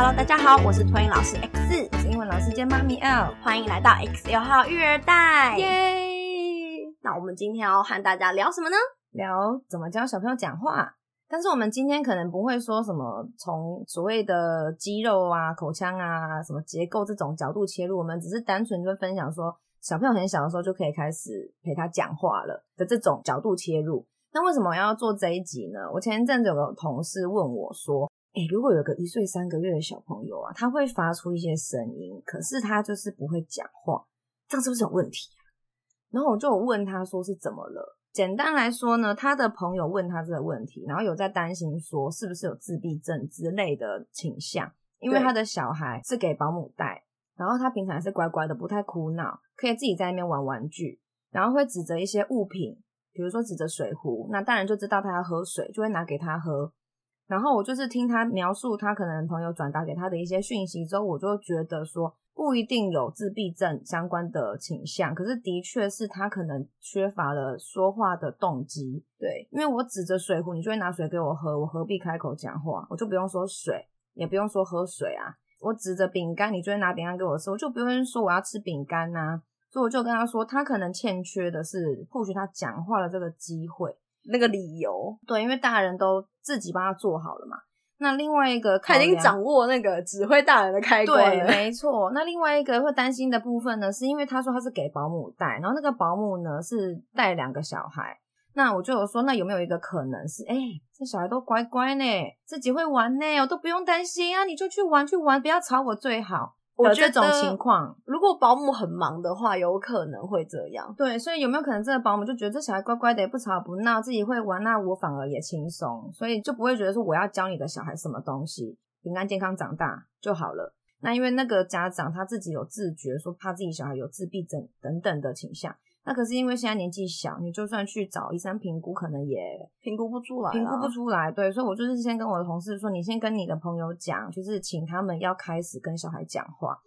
Hello，大家好，我是托嬰老師 X，4, 是英文老師兼媽咪 L，歡迎來到 XL 號育兒袋，耶！Yeah! 那我們今天要和大家聊什麼呢？聊怎麼教小朋友講話。但是我們今天可能不會說什麼從所謂的肌肉啊、口腔啊、什麼結構這種角度切入，我們只是單純就分享說小朋友很小的時候就可以開始陪他講話了的這種角度切入。那為什麼我要做這一集呢？我前一陣子有個同事問我說。欸，如果有個一歲三個月的小朋友啊，他會發出一些聲音，可是他就是不會講話，這樣是不是有問題啊？然後我就問他說是怎麼了？簡單來說呢，他的朋友問他這個問題，然後有在擔心說是不是有自閉症之類的傾向，因為他的小孩是給保姆帶，然後他平常還是乖乖的，不太哭鬧，可以自己在那邊玩玩具，然後會指着一些物品，比如說指着水壺，那大人就知道他要喝水，就會拿給他喝。然後我就是聽他描述，他可能朋友轉達給他的一些訊息之後，我就覺得說不一定有自閉症相關的傾向，可是的確是他可能缺乏了說話的動機。對，因為我指着水壺，你就會拿水給我喝，我何必開口講話？我就不用說水，也不用說喝水啊。我指着餅乾，你就會拿餅乾給我吃，我就不用說我要吃餅乾吶啊。所以我就跟他說，他可能欠缺的是或許他講話的這個機會。那個理由，對，因為大人都自己幫他做好了嘛。那另外一個，他已經掌握那個指揮大人的開關了，對，沒錯。那另外一個會擔心的部分呢，是因為他說他是給保姆帶，然後那個保姆呢是帶兩個小孩。那我就有說，那有沒有一個可能是，欸，這小孩都乖乖呢，自己會玩呢，我都不用擔心啊，你就去玩去玩，不要吵我最好。有這種情況，如果保姆很忙的話，有可能會這樣。對，所以有沒有可能這個保姆就覺得這小孩乖乖的，也不吵不鬧，自己會玩，啊，那我反而也輕鬆，所以就不會覺得說我要教你的小孩什麼東西，平安健康長大就好了。那因為那個家長他自己有自覺，說怕自己小孩有自閉症等等的傾向。那可是因為現在年紀小，你就算去找醫生評估，可能也評估不出來，評估不出來。對，所以我就是先跟我的同事說，你先跟你的朋友講，就是請他們要開始跟小孩講話，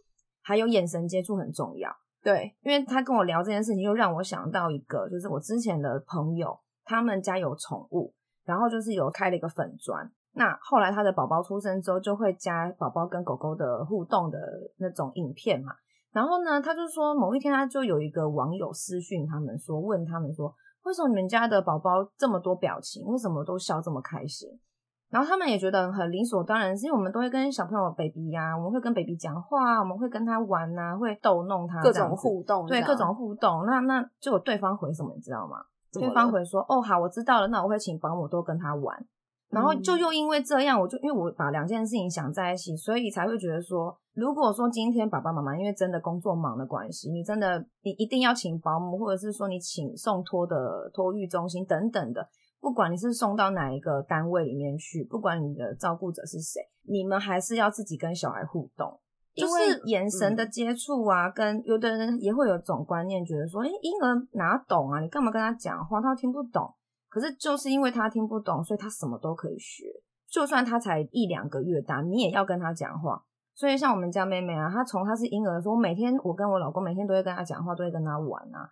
還有眼神接觸很重要。對，因為他跟我聊這件事情，又讓我想到一個，就是我之前的朋友，他們家有寵物，然後就是有開了一個粉專。那後來他的寶寶出生之後，就會加寶寶跟狗狗的互動的那種影片嘛。然後呢，他就說某一天，他就有一個網友私訊他們說，問他們說，為什麼你們家的寶寶這麼多表情？為什麼都笑這麼開心？然後他們也覺得很理所當然，是因為我們都會跟小朋友的 baby 呀、啊，我們會跟 baby 講話、啊，我們會跟他玩啊，會逗弄他各種互動對，各種互動，對各種互動。那那就有對方回什麼，你知道嗎？對方回說，哦，好，我知道了，那我會請保姆多跟他玩。然後就又因為這樣，我就因為我把兩件事情想在一起，所以才會覺得說，如果說今天爸爸媽媽因為真的工作忙的關係，你真的你一定要請保姆，或者是說你請送托的托育中心等等的，不管你是送到哪一個單位裡面去，不管你的照顧者是誰，你們還是要自己跟小孩互動，因為眼神的接觸啊，跟有的人也會有種觀念，覺得說，哎，嬰兒哪懂啊？你幹嘛跟他講話？他聽不懂。可是就是因為他聽不懂，所以他什麼都可以學。就算他才一兩個月大，你也要跟他講話。所以像我們家妹妹啊，她從她是嬰兒的時候，每天我跟我老公每天都會跟她講話，都會跟她玩啊，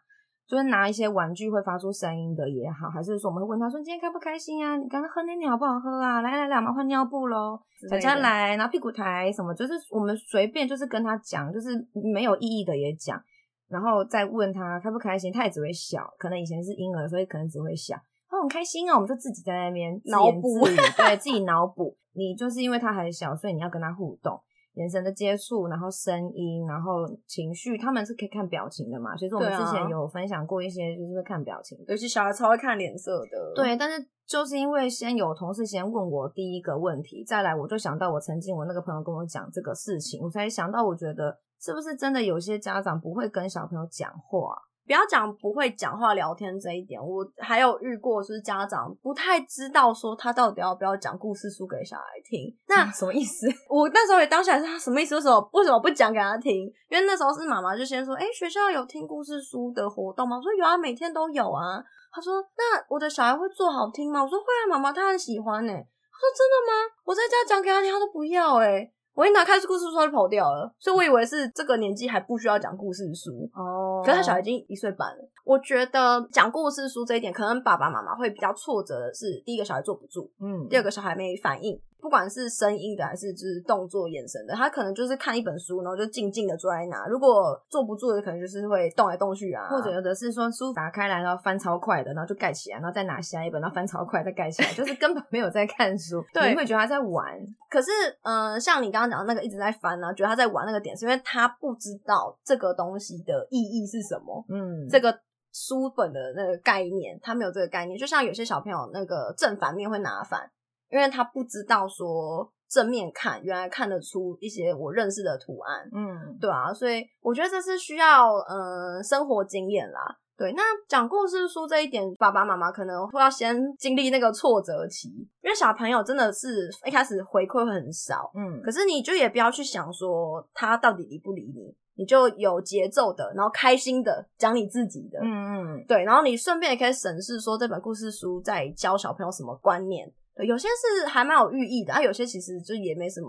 就是拿一些玩具會發出聲音的也好，還是說我們會問她說今天開不開心啊？你剛剛喝奶奶好不好喝啊？來來來，我們換尿布咯。站起是的 來，然後屁股抬什麼，就是我們隨便就是跟她講，就是沒有意義的也講，然後再問她開不開心。她也只會笑，可能以前是嬰兒，所以可能只會笑。他、哦、很開心啊、哦，我們就自己在那邊腦補，自自 對自己腦補。你就是因為他還小，所以你要跟他互動，眼神的接觸，然後聲音，然後情緒，他們是可以看表情的嘛？所以說我們之前有分享過一些，就是看表情的。對啊、尤其小孩超會看臉色的。對，但是就是因為先有同事先問我第一個問題，再來我就想到我曾經我那個朋友跟我講這個事情，我才想到我覺得是不是真的有些家長不會跟小朋友講話、啊。不要講不會講話聊天這一點，我還有遇過，就是家長不太知道說他到底要不要講故事書給小孩聽。那、嗯、什麼意思？ 我那時候也當下問他什麼意思，為什麼為什麼不講給他聽？因為那時候是媽媽就先說，誒、欸、學校有聽故事書的活動嗎？我說有啊，每天都有啊。他說那我的小孩會做好聽嗎？我說會啊，媽媽，他很喜歡呢、欸。他說真的嗎？我在家講給他聽，他都不要哎、欸。我一拿開故事書，他就跑掉了，所以我以為是這個年紀還不需要講故事書。哦，可是他小孩已經一歲半了。我覺得講故事書這一點，可能爸爸媽媽會比較挫折的是：第一個小孩坐不住，嗯，第二個小孩沒反應。不管是聲音的還是就是動作眼神的，他可能就是看一本書，然後就靜靜的坐在那。如果坐不住的，可能就是會動來動去啊，或者有的是說書打開來，然後翻超快的，然後就蓋起來，然後再拿下一本，然後翻超快的，再蓋起來，就是根本沒有在看書。對， 你會覺得他在玩。對可是，嗯、呃，像你剛剛講的那個一直在翻啊，覺得他在玩那個點，是因為他不知道這個東西的意義是什麼。嗯，這個書本的那個概念，他沒有這個概念。就像有些小朋友那個正反面會拿反。因為他不知道說正面看，原來看得出一些我認識的圖案，嗯，對啊，所以我覺得這是需要呃生活經驗啦，對。那講故事書這一點，爸爸媽媽可能會要先經歷那個挫折期，因為小朋友真的是一開始回饋會很少，嗯，可是你就也不要去想說他到底理不理你，你就有節奏的，然後開心的講你自己的，嗯嗯，對，然後你順便也可以審視說，這本故事書在教小朋友什麼觀念。有些是還蠻有寓意的啊，有些其實就也沒什麼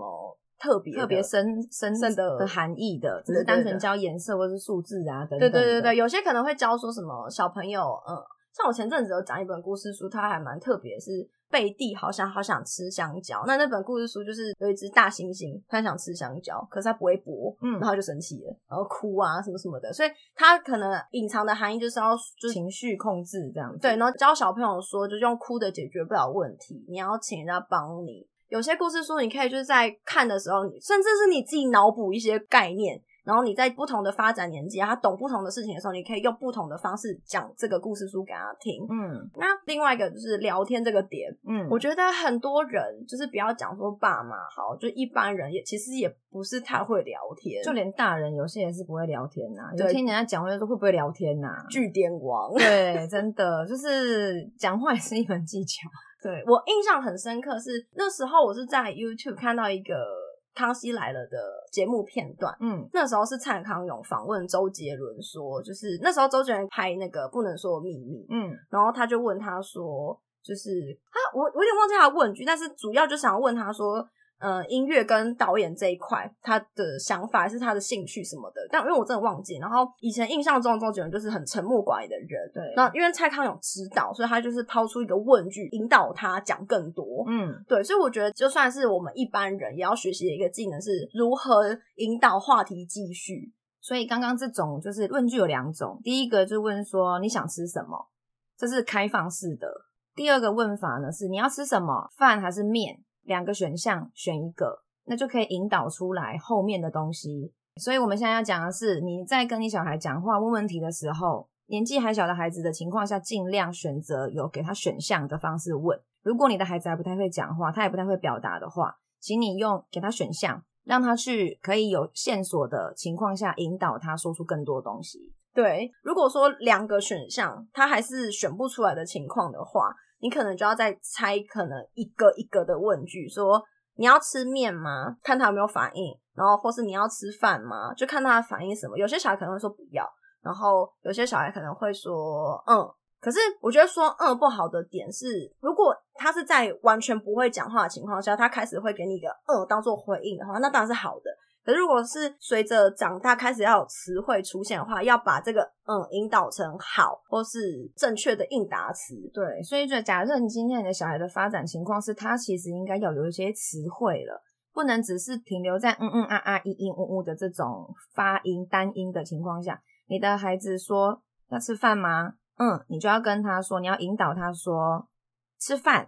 特別特別深深的，深的含義的，對對對對，只是單純教顏色或者是數字啊，等等。對對對對，有些可能會教說什麼，小朋友，嗯。像我前陣子有講一本故事書，它還蠻特別，是貝蒂好想好想吃香蕉。那那本故事書就是有一隻大猩猩，它想吃香蕉，可是它不會剝，嗯，然後就生氣了，然後哭啊什麼什麼的。所以它可能隱藏的含義就是要就是情緒控制這樣子。對，然後教小朋友說，就是用哭的解決不了問題，你要請人家幫你。有些故事書，你可以就是在看的時候，甚至是你自己腦補一些概念。然後你在不同的發展年紀，他懂不同的事情的時候，你可以用不同的方式講這個故事書給他聽。嗯，那另外一個就是聊天這個點，嗯，我覺得很多人就是不要講說爸媽好，就一般人也其實也不是太會聊天，就連大人有些也是不會聊天吶。對，有些人家講話的時候會不會聊天吶，句點王。對，真的 就是講話也是一門技巧。對，我印象很深刻是那時候我是在 YouTube 看到一個。康熙來了的節目片段，嗯，那時候是蔡康永訪問周杰倫，說就是那時候周杰倫拍那個不能說的秘密，嗯，然後他就問他說，就是他、啊、我我有點忘記他問一句，但是主要就想要問他說。呃、嗯，音樂跟導演這一塊，他的想法還是他的興趣什麼的，但因為我真的忘記。然後以前印象中的周杰倫就是很沉默寡言的人，對。那因為蔡康永指導，所以他就是拋出一個問句，引導他講更多。嗯，對。所以我覺得就算是我們一般人，也要學習的一個技能，是如何引導話題繼續。所以剛剛這種就是問句有兩種，第一個就問說你想吃什麼，這是開放式的。第二個問法呢是你要吃什麼，飯還是麵？兩個選項選一個，那就可以引導出來後面的東西。所以，我們現在要講的是，你在跟你小孩講話、問問題的時候，年紀還小的孩子的情況下，盡量選擇有給他選項的方式問。如果你的孩子還不太會講話，他也不太會表達的話，請你用給他選項，讓他去可以有線索的情況下引導他說出更多東西。對，如果說兩個選項，他還是選不出來的情況的話。你可能就要再猜，可能一個一個的問句，說你要吃麵嗎？看他有沒有反應，然後或是你要吃飯嗎？就看他反應什麼。有些小孩可能會說不要，然後有些小孩可能會說嗯。可是我覺得說嗯不好的點是，如果他是在完全不會講話的情況下，他開始會給你一個嗯當做回應的話，那當然是好的。如果是隨着長大開始要有詞彙出現的話，要把這個嗯引導成好或是正確的應答詞。對，所以就假設你今天你的小孩的發展情況是，他其實應該要有一些詞彙了，不能只是停留在嗯嗯啊啊、咿咿嗚嗚的這種發音單音的情況下。你的孩子說要吃飯嗎？嗯，你就要跟他說，你要引導他說吃飯。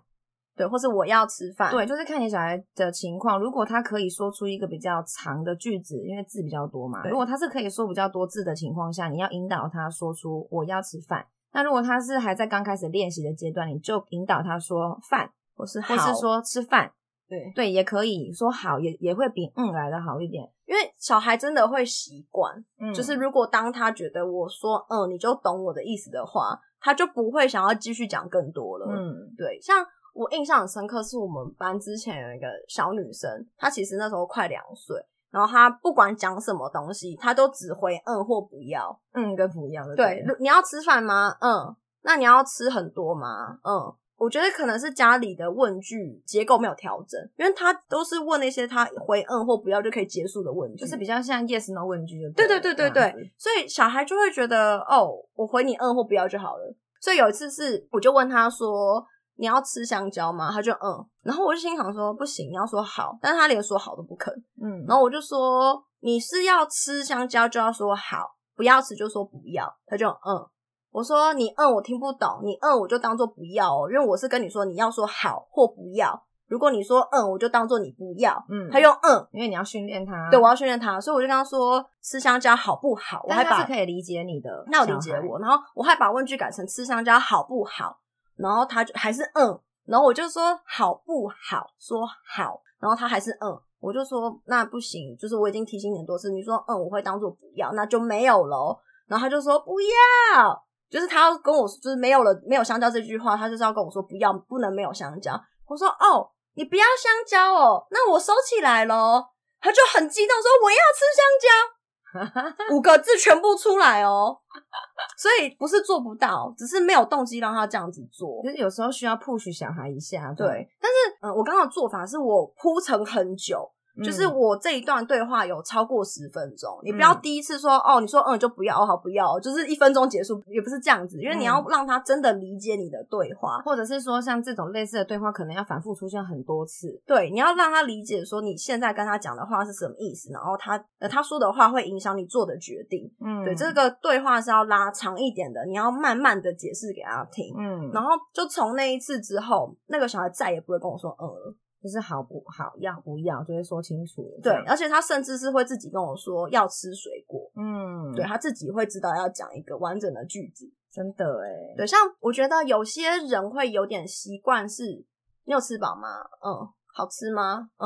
對，或是我要吃飯。對，就是看你小孩的情況。如果他可以說出一個比較長的句子，因為字比較多嘛。對如果他是可以說比較多字的情況下，你要引導他說出我要吃飯。那如果他是還在剛開始練習的階段，你就引導他說飯，或是好或是說吃飯。對對，也可以說好，也也會比嗯來的好一點。因為小孩真的會習慣，嗯、就是如果當他覺得我說嗯，你就懂我的意思的話，他就不會想要繼續講更多了。嗯，對，像。我印象很深刻，是我們班之前有一個小女生，她其實那時候快兩歲，然後她不管講什麼東西，她都只回嗯或不要。嗯，跟不要的對。你要吃飯嗎？嗯。那你要吃很多嗎？嗯。我覺得可能是家裡的問句結構沒有調整，因為他都是問那些他回嗯或不要就可以結束的問句，就是比較像 yes no 問句就對。對，對對對對對，所以小孩就會覺得哦，我回你嗯或不要就好了。所以有一次是，我就問他說。你要吃香蕉嗎？他就嗯。然後我就心想說，不行，你要說好，但是他連說好都不肯。嗯，然後我就說，你是要吃香蕉就要說好，不要吃就說不要，他就嗯。我說你嗯我聽不懂，你嗯我就當做不要，哦，因為我是跟你說你要說好或不要，如果你說嗯我就當做你不要。嗯，他用嗯，因為你要訓練他。對，我要訓練他，所以我就跟他說吃香蕉好不好？我還是可以理解你的，那我理解我，然後我還把問句改成吃香蕉好不好？然後他就還是嗯，然後我就說好不好？說好，然後他還是嗯，我就說那不行，就是我已經提醒你很多次，你說嗯，我會當做不要，那就沒有咯。然後他就說不要，就是他要跟我就是沒有了沒有香蕉這句話，他就是要跟我說不要不能沒有香蕉。我說哦，你不要香蕉哦，那我收起來嘍。他就很激動說我要吃香蕉。 五個字全部出來哦、喔，所以不是做不到，只是沒有動機讓他這樣子做。就是有時候需要 push 小孩一下，對，對。但是，嗯，我剛剛的做法是我鋪陳很久。就是我這一段對話有超過十分鐘，嗯、你不要第一次說哦，你說嗯就不要，好不要，就是一分鐘結束也不是這樣子，因為你要讓他真的理解你的對話，嗯、或者是說像這種類似的對話，可能要反覆出現很多次。對，你要讓他理解說你現在跟他講的話是什麼意思，然後他呃他說的話會影響你做的決定。嗯，對，這個對話是要拉長一點的，你要慢慢的解釋給他聽。嗯，然後就從那一次之後，那個小孩再也不會跟我說嗯了。就是好不好要不要，就會、是、說清楚。對，嗯、而且他甚至是會自己跟我說要吃水果。嗯對，對他自己會知道要講一個完整的句子。真的哎、欸。對，像我覺得有些人會有點習慣是：你有吃飽嗎？嗯，好吃嗎？嗯。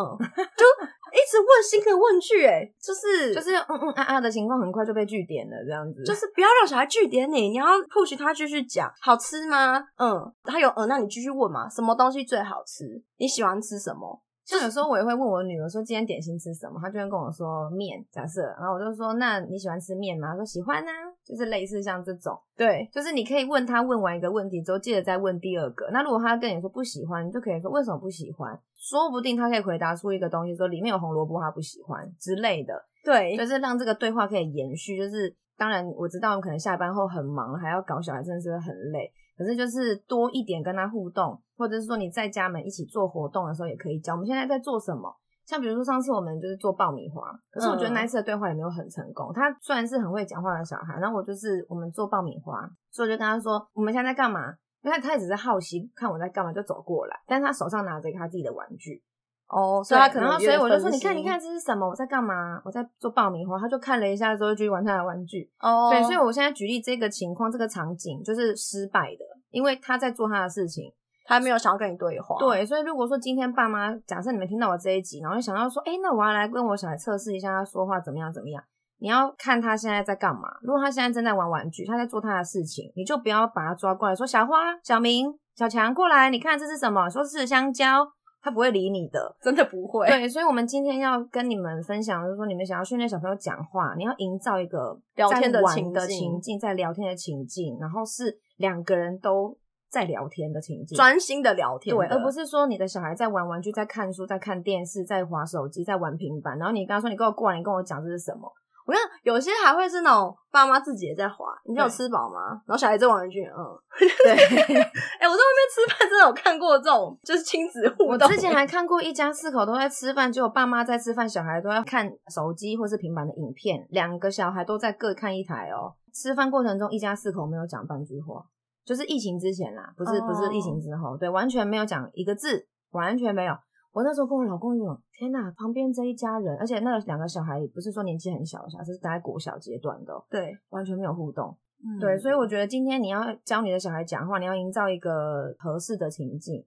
就。 一直問新的問句、欸，哎，就是就是嗯嗯啊啊的情況，很快就被句點了，這樣子，就是不要讓小孩句點你，你要 push 他繼續講，好吃嗎？嗯，他有嗯，那你繼續問嘛，什麼東西最好吃？你喜歡吃什麼？就有時候我也會問我女兒說，今天點心吃什麼？她就會跟我說麵，假設，然後我就說那你喜歡吃麵嗎？她說喜歡啊，就是類似像這種，對，就是你可以問她，問完一個問題之後，記得再問第二個。那如果她跟你說不喜歡，你就可以說為什麼不喜歡？說不定她可以回答出一個東西，說裡面有紅蘿蔔，她不喜歡之類的。對，就是讓這個對話可以延續。就是當然我知道可能下班後很忙，還要搞小孩，真的是會很累。可是就是多一點跟她互動。或者是說你在家門一起做活動的時候也可以教。我們現在在做什麼？像比如說上次我們就是做爆米花，可是我覺得那一次的對話也沒有很成功。他雖然是很會講話的小孩，然後我就是我們做爆米花，所以我就跟他說：“我們現在在幹嘛？”因為他，他只是好奇看我在幹嘛，就走過來，但是他手上拿着他自己的玩具。哦，所以他對可能，所以我就說：“你看，你看這是什麼？我在幹嘛？我在做爆米花。”他就看了一下之後就去玩他的玩具。哦，對，所以我現在舉例這個情況、這個場景就是失敗的，因為他在做他的事情。還沒有想要跟你對話。對，所以如果說今天爸媽，假設你們聽到我這一集，然後就想到說，欸，那我要來跟我小孩測試一下他說話怎麼樣怎麼樣。你要看他現在在幹嘛。如果他現在正在玩玩具，他在做他的事情，你就不要把他抓過來，說小花、小明、小強過來，你看這是什麼？說是香蕉，他不會理你的，真的不會。對，所以我們今天要跟你們分享，就是說你們想要訓練小朋友講話，你要營造一個聊天的情境，在聊天的情境，然後是兩個人都。在聊天的情景，專心的聊天的，對，而不是說你的小孩在玩玩具、在看書、在看電視、在滑手機、在玩平板，然後你，剛剛你跟他說：“你跟我過來，你跟我講這是什麼？”我看有些還會是那種爸媽自己也在滑，你有吃飽嗎？對然後小孩在玩玩具，嗯， 對，哎、欸，我在外面吃飯真的有看過這種，就是親子互動。我之前還看過一家四口都在吃飯，就有爸媽在吃飯，小孩都在看手機或是平板的影片，兩個小孩都在各看一台哦、喔。吃飯過程中，一家四口沒有講半句話。就是疫情之前啦，不是不是疫情之後，Oh. 對，完全沒有講一個字，完全沒有。我那時候跟我老公講，天吶、啊，旁邊這一家人，而且那兩個小孩也不是說年紀很小，小，是大概國小階段的，對，完全沒有互動，嗯、對，所以我覺得今天你要教你的小孩講話，你要營造一個合適的情境，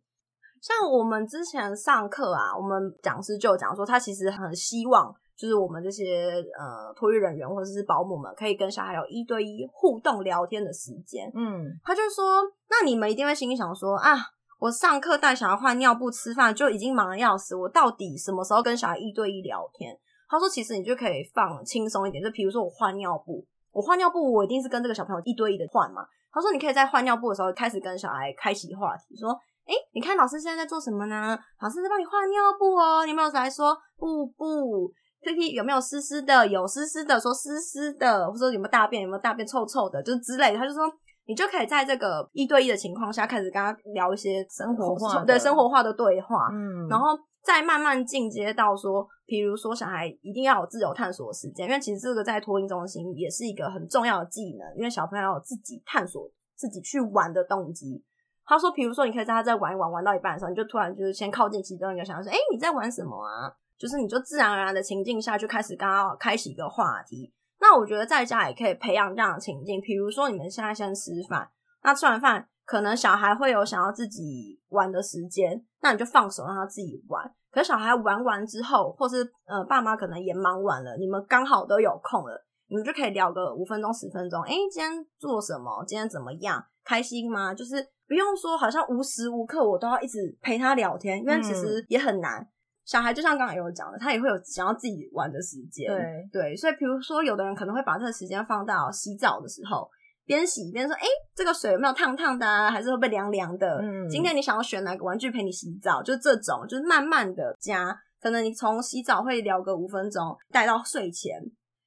像我們之前上課啊，我們講師就講說，他其實很希望。就是我們這些呃托育人員或者是、是保姆們，可以跟小孩有一對一互動聊天的時間。嗯，他就說，那你們一定會心裡想說啊，我上課帶小孩換尿布、吃飯就已經忙得要死，我到底什麼時候跟小孩一對一聊天？他說，其實你就可以放輕鬆一點，就譬如說我換尿布，我換尿布，我一定是跟這個小朋友一對一的換嘛。他說，你可以在換尿布的時候開始跟小孩開啟話題，說，哎，你看老師現在在做什麼呢？老師在幫你換尿布哦。你們有小孩說，不不。k i 有沒有濕濕的？有濕濕的，說濕濕的，或者說有沒有大便？有沒有大便臭臭的？就是之類的，他就說你就可以在這個一對一的情況下開始跟他聊一些生活化對、嗯、對生活化的對話。嗯，然後再慢慢進階到說，譬如說小孩一定要有自由探索的時間，因為其實這個在托嬰中心也是一個很重要的技能，因為小朋友要有自己探索、自己去玩的動機。他說，譬如說你可以讓他再玩一玩，玩到一半的時候，你就突然就是先靠近其中一個小孩，說：“哎、欸，你在玩什麼啊？”就是你就自然而然的情境下去開始剛剛要開啟一個話題。那我覺得在家也可以培養這樣的情境，比如說你們現在先吃飯，那吃完飯可能小孩會有想要自己玩的時間，那你就放手讓他自己玩。可是小孩玩完之後，或是呃爸媽可能也忙完了，你們剛好都有空了，你們就可以聊個五分鐘、十分鐘。哎、欸，今天做什麼？今天怎麼樣？開心嗎？就是不用說，好像無時無刻我都要一直陪他聊天，因為其實也很難。嗯.小孩就像剛才有講的，他也會有想要自己玩的時間。對，對，所以譬如說，有的人可能會把這個時間放到洗澡的時候，邊洗邊說：“欸，這個水有沒有燙燙的啊？還是會不會涼涼的？嗯。今天你想要選哪個玩具陪你洗澡？”就這種，就是慢慢的加，可能你從洗澡會聊個五分鐘，帶到睡前，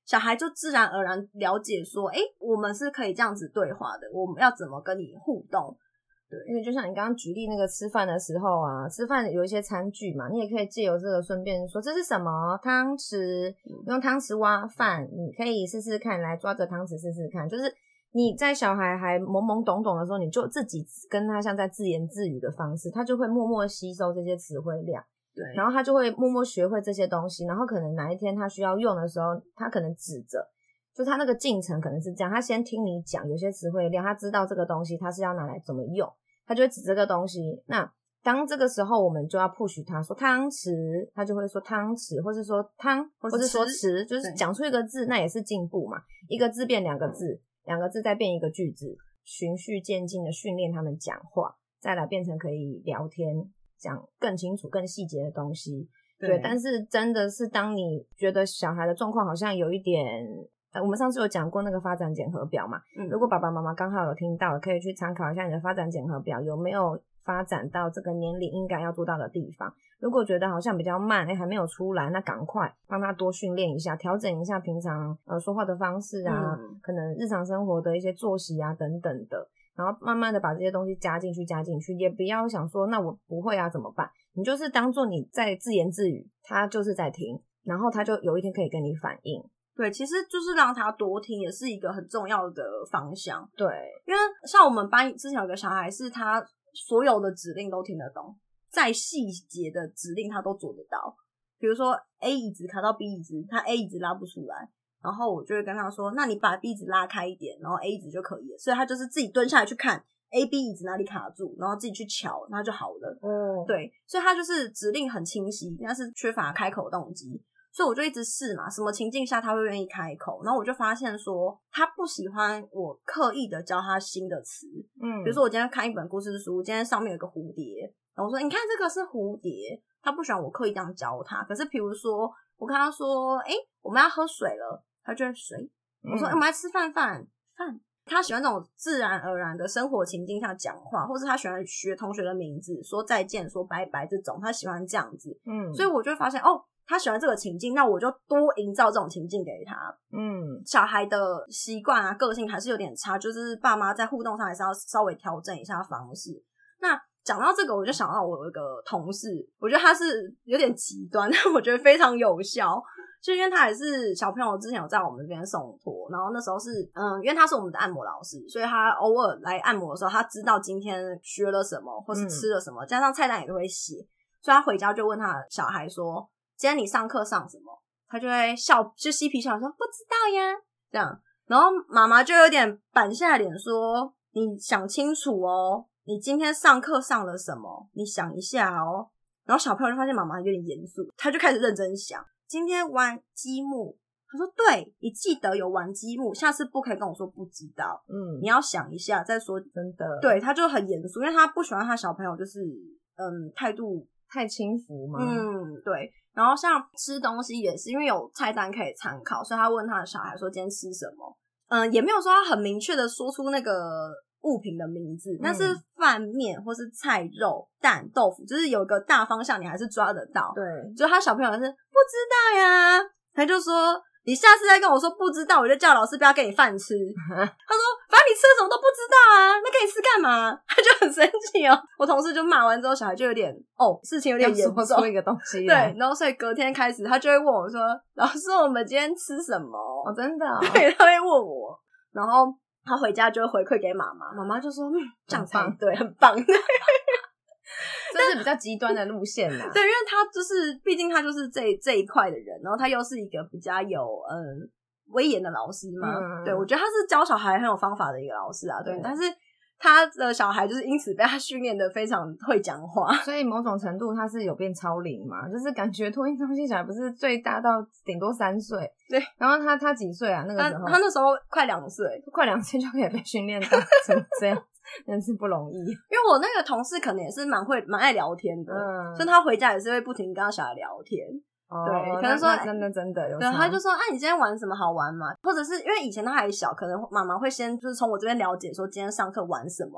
小孩就自然而然了解說：“欸，我們是可以這樣子對話的，我們要怎麼跟你互動？”因為就像你剛剛舉例那個吃飯的時候啊，吃飯有一些餐具嘛，你也可以借由這個順便說，這是什麼湯匙，用湯匙挖飯，你可以試試看，來抓着湯匙試試看。就是你在小孩還懵懵懂懂的時候，你就自己跟他像在自言自語的方式，他就會默默吸收這些詞彙量，對，然後他就會默默學會這些東西，然後可能哪一天他需要用的時候，他可能指着，就他那個進程可能是這樣，他先聽你講有些詞彙量，他知道這個東西他是要拿來怎麼用。他就會指這個東西。那當這個時候，我們就要 push 他說湯匙，他就會說湯匙，或是說湯，或是說匙，就是講出一個字，對那也是進步嘛。一個字變兩個字，嗯、兩個字再變一個句子，循序漸進的訓練他們講話，再來變成可以聊天，講更清楚、更細節的東西。對，對但是真的是當你覺得小孩的狀況好像有一點。我們上次有講過那個發展檢核表嘛。如果爸爸媽媽剛好有聽到，可以去參考一下你的發展檢核表有沒有發展到這個年齡應該要做到的地方。如果覺得好像比較慢，哎，還沒有出來，那趕快幫他多訓練一下，調整一下平常呃說話的方式啊，嗯、可能日常生活的一些作息啊等等的，然後慢慢的把這些東西加進去，加進去，也不要想說那我不會啊怎麼辦？你就是當做你在自言自語，他就是在聽，然後他就有一天可以跟你反應。對，其實就是讓他多聽，也是一個很重要的方向。對，因為像我們班之前有一個小孩，是他所有的指令都聽得懂，在細節的指令他都做得到。比如說 A 椅子卡到 B 椅子，他 A 椅子拉不出來，然後我就會跟他說：“那你把 B 椅子拉開一點，然後 A 椅子就可以。”所以他就是自己蹲下來去看 A、B 椅子哪裡卡住，然後自己去瞧，那就好了。嗯對，所以他就是指令很清晰，但是缺乏開口動機。所以我就一直試嘛，什麼情境下他會願意開口？然後我就發現說，他不喜歡我刻意的教他新的詞。嗯，比如說我今天看一本故事書，今天上面有個蝴蝶，然後我說：“你、欸、看這個是蝴蝶。”他不喜歡我刻意這樣教他。可是，比如說我跟他說：“哎、欸，我們要喝水了。”他就是水。我說：“嗯欸、我們要吃飯飯飯。”他喜歡這種自然而然的生活情境下講話，或是他喜歡學同學的名字，說再見，說拜拜這種，他喜歡這樣子。嗯，所以我就發現哦。喔他喜歡這個情境，那我就多營造這種情境給他。嗯，小孩的習慣啊，個性還是有點差，就是爸媽在互動上還是要稍微調整一下方式。那講到這個，我就想到我有一個同事，我覺得他是有點極端，但我覺得非常有效。就因為他也是小朋友之前有在我們這邊送托，然後那時候是嗯，因為他是我們的按摩老師，所以他偶爾來按摩的時候，他知道今天學了什麼，或是吃了什麼，加上菜單也都會寫，所以他回家就問他的小孩說。今天你上課上什麼？他就會笑，就嬉皮笑說不知道呀，這樣。然後媽媽就有點板下臉說：“你想清楚哦，你今天上課上了什麼？你想一下哦。”然後小朋友就發現媽媽有點嚴肅，他就開始認真想。今天玩積木，他說：“對，你記得有玩積木，下次不可以跟我說不知道，嗯，你要想一下再說。”真的，對，他就很嚴肅，因為他不喜歡他小朋友就是嗯態度太輕浮嘛，嗯，對。然後像吃東西也是，因為有菜單可以參考，所以他問他的小孩說今天吃什麼？嗯，也沒有說他很明確的說出那個物品的名字，嗯、但是飯麵或是菜肉蛋豆腐，就是有一個大方向你還是抓得到。對，就他小朋友還是不知道呀，他就說。你下次再跟我說不知道，我就叫老師不要給你飯吃。他說反正你吃的什麼都不知道啊，那給你吃幹嘛？他就很生氣哦。我同事就罵完之後，小孩就有點哦，事情有點嚴重。一個東西對，然後所以隔天開始，他就會問我說：“老師，我們今天吃什麼？”哦、真的、哦、對，他會問我，然後他回家就會回饋給媽媽，媽媽就說：“嗯、這樣子對，很棒。很棒” 這是比較極端的路線嘛、啊，對，因為他就是，畢竟他就是這一這一塊的人，然後他又是一個比較有嗯威嚴的老師嘛，嗯、對，我覺得他是教小孩很有方法的一個老師啊，對，嗯、但是他的小孩就是因此被他訓練得非常會講話，所以某種程度他是有變超齡嘛，就是感覺托嬰中心小孩不是最大到頂多三歲，對，然後他他幾歲啊那個時候他,他那時候快兩歲，快兩歲就可以被訓練到成這樣。 真是不容易，因為我那個同事可能也是蠻會、蠻愛聊天的，嗯、所以他回家也是會不停跟他小孩聊天。哦、對，可能說真的真的有，對，他就說啊，你今天玩什麼好玩嗎？或者是因為以前他還小，可能媽媽會先就是從我這邊了解說今天上課玩什麼，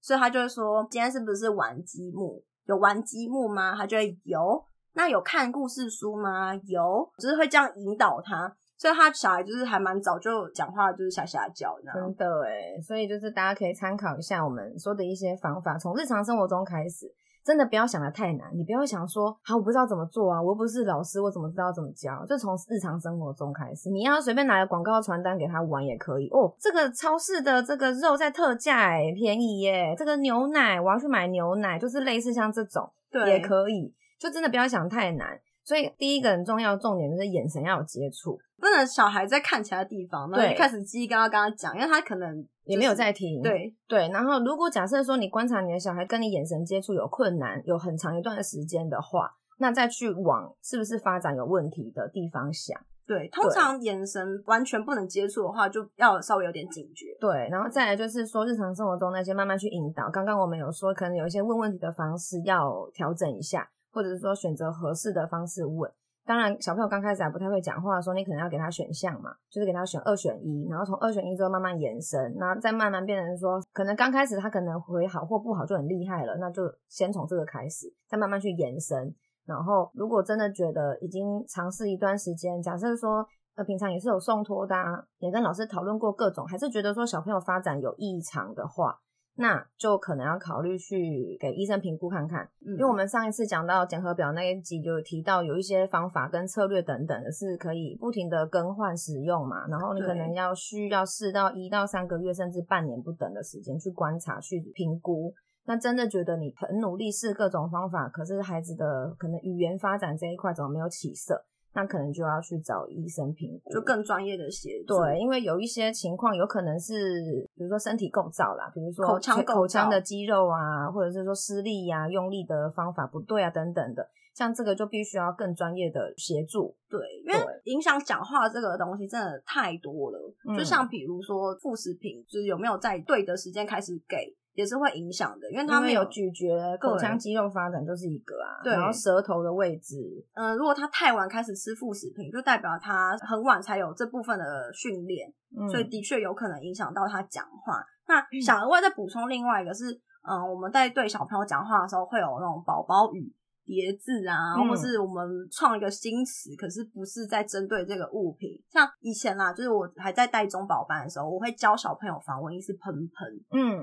所以他就會說今天是不是玩積木？有玩積木嗎？他就會有。那有看故事書嗎？有，就是會這樣引導他。所以他小孩就是還蠻早就講話，就是嚇嚇叫呢，真的哎、欸。所以就是大家可以參考一下我們說的一些方法，從日常生活中開始，真的不要想的太難。你不要想說，好，我不知道怎麼做啊，我又不是老師，我怎麼知道怎麼教？就從日常生活中開始，你要隨便拿個廣告傳單給他玩也可以哦。這個超市的這個肉在特價，哎，便宜耶、欸。這個牛奶，我要去買牛奶，就是類似像這種，對，也可以。就真的不要想太難。所以第一個很重要的重點就是眼神要有接觸。不能小孩在看其他地方，那就開始嘰嘰嘎嘎講，對因為他可能、就是、也沒有在聽。對對，然後如果假設說你觀察你的小孩跟你眼神接觸有困難，有很長一段時間的話，那再去往是不是發展有問題的地方想。對，對通常眼神完全不能接觸的話，就要稍微有點警覺。對，然後再來就是說日常生活中那些慢慢去引導。剛剛我們有說，可能有一些問問題的方式要調整一下，或者是說選擇合適的方式問。當然，小朋友剛開始還不太會講話的時候，你可能要給他選項嘛，就是給他選二選一，然後從二選一之後慢慢延伸，那再慢慢變成說，可能剛開始他可能回好或不好就很厲害了，那就先從這個開始，再慢慢去延伸。然後如果真的覺得已經嘗試一段時間，假設說呃平常也是有送托的啊，也跟老師討論過各種，還是覺得說小朋友發展有異常的話。那就可能要考慮去給醫生評估看看，因為我們上一次講到檢核表那一集，就有提到有一些方法跟策略等等的是可以不停的更換使用嘛，然後你可能要需要試到一到三個月甚至半年不等的時間去觀察、去評估。那真的覺得你很努力試各種方法，可是孩子的可能語言發展這一塊怎麼沒有起色？那可能就要去找醫生評估，就更專業的協助。對，因為有一些情況有可能是，比如說身體構造啦，比如說口腔、口腔的肌肉啊，或者是說施力呀、用力的方法不對啊等等的，像這個就必須要更專業的協助。對，因為對影響講話這個東西真的太多了，就像比如說副食品，就是有沒有在對的時間開始給。也是會影響的，因為他沒有，有咀嚼，口腔肌肉發展就是一個啊。對然後舌頭的位置，嗯，如果他太晚開始吃副食品，就代表他很晚才有這部分的訓練，嗯、所以的確有可能影響到他講話。那、嗯、想額外再補充另外一個是，嗯，我們在對小朋友講話的時候會有那種寶寶語疊字啊，或是我們創一個新詞，可是不是在針對這個物品。嗯、像以前啦，就是我還在帶中寶班的時候，我會教小朋友防蚊液是噴噴“砰砰”，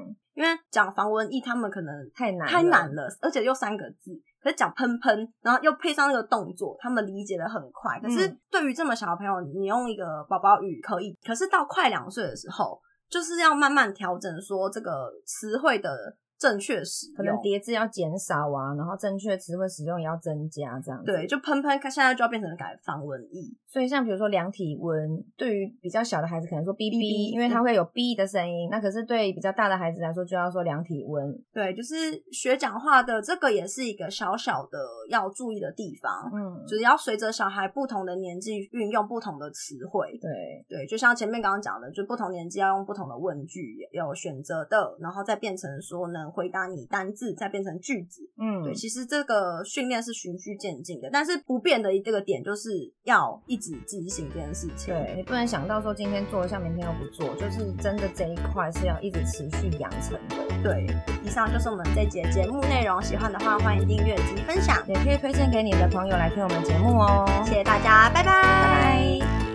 嗯。因為講防蚊液，他們可能太難太難了，而且又三個字。可是講噴噴，然後又配上那個動作，他們理解得很快。可是對於這麼小的朋友，你用一個寶寶語可以，可是到快兩歲的時候，就是要慢慢調整，說這個詞彙的。正確使用，可能疊字要減少啊，然後正確詞彙使用也要增加，這樣子。對，就噴噴，現在就要變成改防蚊液。所以像比如說量體溫，對於比較小的孩子可能說嗶嗶，嗶嗶，因為他會有“嗶”的聲音。嗯、那可是對比較大的孩子來說，就要說量體溫。對，就是學講話的這個也是一個小小的要注意的地方。嗯，就是要隨着小孩不同的年紀運用不同的詞彙。對，對，就像前面剛剛講的，就不同年紀要用不同的問句，有選擇的，然後再變成說呢。回答你單字，再變成句子。嗯，對，其實這個訓練是循序漸進的，但是不變的這個點就是要一直執行這件事情。對，你不能想到說今天做一下，明天又不做，就是真的這一塊是要一直持續養成的。對，對，以上就是我們這節節目內容，喜歡的話歡迎訂閱及分享，也可以推薦給你的朋友來聽我們節目哦。謝謝大家，拜拜，拜拜。